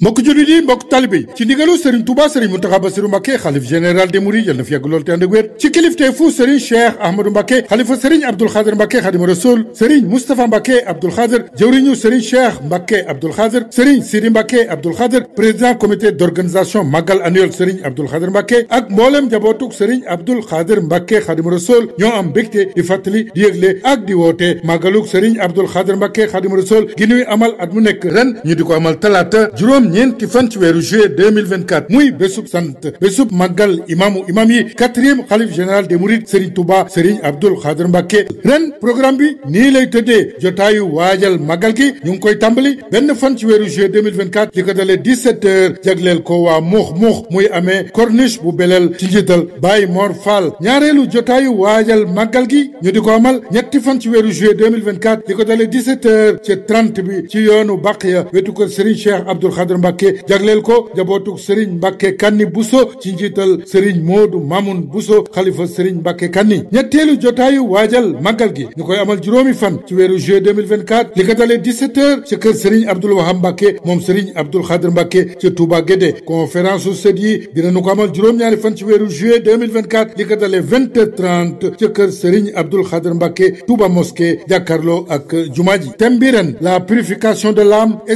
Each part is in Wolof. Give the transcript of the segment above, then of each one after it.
mbokk jullit yi mbokk talibe yi ci ndigalu Serigne Touba Serigne Mountakha Bassirou Mbacké xalif général des Mourides yal na fi yàgg lool te ànd ak wér ci kilifteefu Serigne Cheikh Ahmadou Mbacké xalifa Serigne Abdoul Khadir Mbacké Khadimu Rasoul Serigne Moustapha Mbacké Abdoul Khadir jëwriñu Serigne Cheikh Mbacké Abdoul Khadir Serigne Sidi Mbacké Abdoul Khadir président comité d'organisation Magal annuel Serigne Abdoul Khadir Mbacké ak mboolem jabootug Serigne Abdoul Khadir Mbacké Khadimu Rasoul ñoo am mbégte di fàttali di yëgle ak di woote magalug Serigne Abdoul Khadir Mbacké Khadimu Rasoul gi ñuy at mu nekk ren ñu di ko amal talaata fan ñeenti fan ci weeru juillet 2024 muy bésub sant bésub màggal imaamu imaam yi quatrième xalif général des mourides Serigne Touba Serigne Abdoul Khadr Mbacké ren programme bi nii lay tëddee jotaayu waajal maggal gi ñu ngi koy tàmbali benn fan ci weeru juillet 2024 li ko dalee 17 heures jagleel ko waa muux muux muy amee corniche bu beleel ci njiital Baye Mor Fall ñaareelu jotaayu waajal maggal gi ñu di ko amal ñetti fan ci weeru juillet 2024 li ko dalee 17 heures ci 30 bi ci yoonu Baqiya wetu Bassirou Mbacke jagleel ko jabootug Serigne Mbacke Kanni Bousso ci njiital Serigne Modou Mamoun Bousso xalifa Serigne Mbacke Kanni ñetteelu jotaayu waajal màggal gi ñu koy amal juróomi fan ci weeru juillet 2024 li ko dalee 17 heures ci kër Serigne Abdoul Wahab Mbacke moom Serigne Abdoul Khadr Mbacke ci Touba Guédé conférence su sët yi dinañu ko amal juróom-ñaari fan ci weeru juillet 2024 li ko dalee 20 heures 30 ci kër Serigne Abdoul Khadr Mbacke Touba ak jumaa ji thème bi ren la purification de l'âme et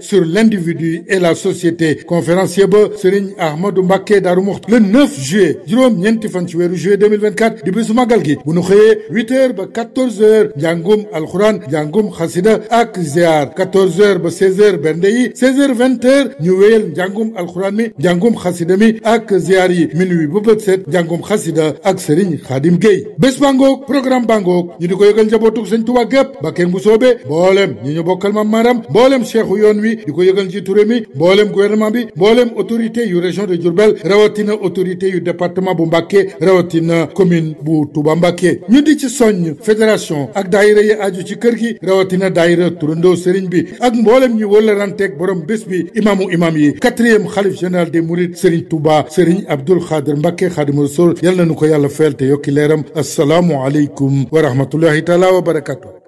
sur l'individu individu et la société conférencier ba Serigne Ahmadou Mbacké Darou Mouhty le 9 juillet juróom ñeenti fan ci weeru juillet 2024 di bisu màggal gi bu nu xëyee 8 heures ba 14 heures njàngum alxuraan njàngum xasida ak ziar heures ba 16 heures bernde yi heures 20 heures ñu wéyal njàngum alxuraan mi njàngum xasida mi ak ziar yi minuit ba bët set njàngum xasida ak Serigne Khadim Gueye bés bangoog programme bangoog ñu di ko yëgal njabootug Sëñ njiitu réew mi mbooleem gouvernement bi mbooleem autorité yu région de Diourbel rawatina autorité yu département bu Mbacké rawatina commune bu Touba mbake ñu di ci soññ fédération ak daayira yi aju ci kër gi rawatina daayira turandoo sëriñ bi ak mboolem ñi ñu wëllaranteeg borom bés bi imaamu imaam yi quatrième xalif général des mourides sëriñ Touba sëriñ Abdoul Khadir Mbacké Khadimu Rasul yal na nu ko yàlla fayal te yokki leeram asalaamu aleykum wa rahmatullahi taala wa barakatu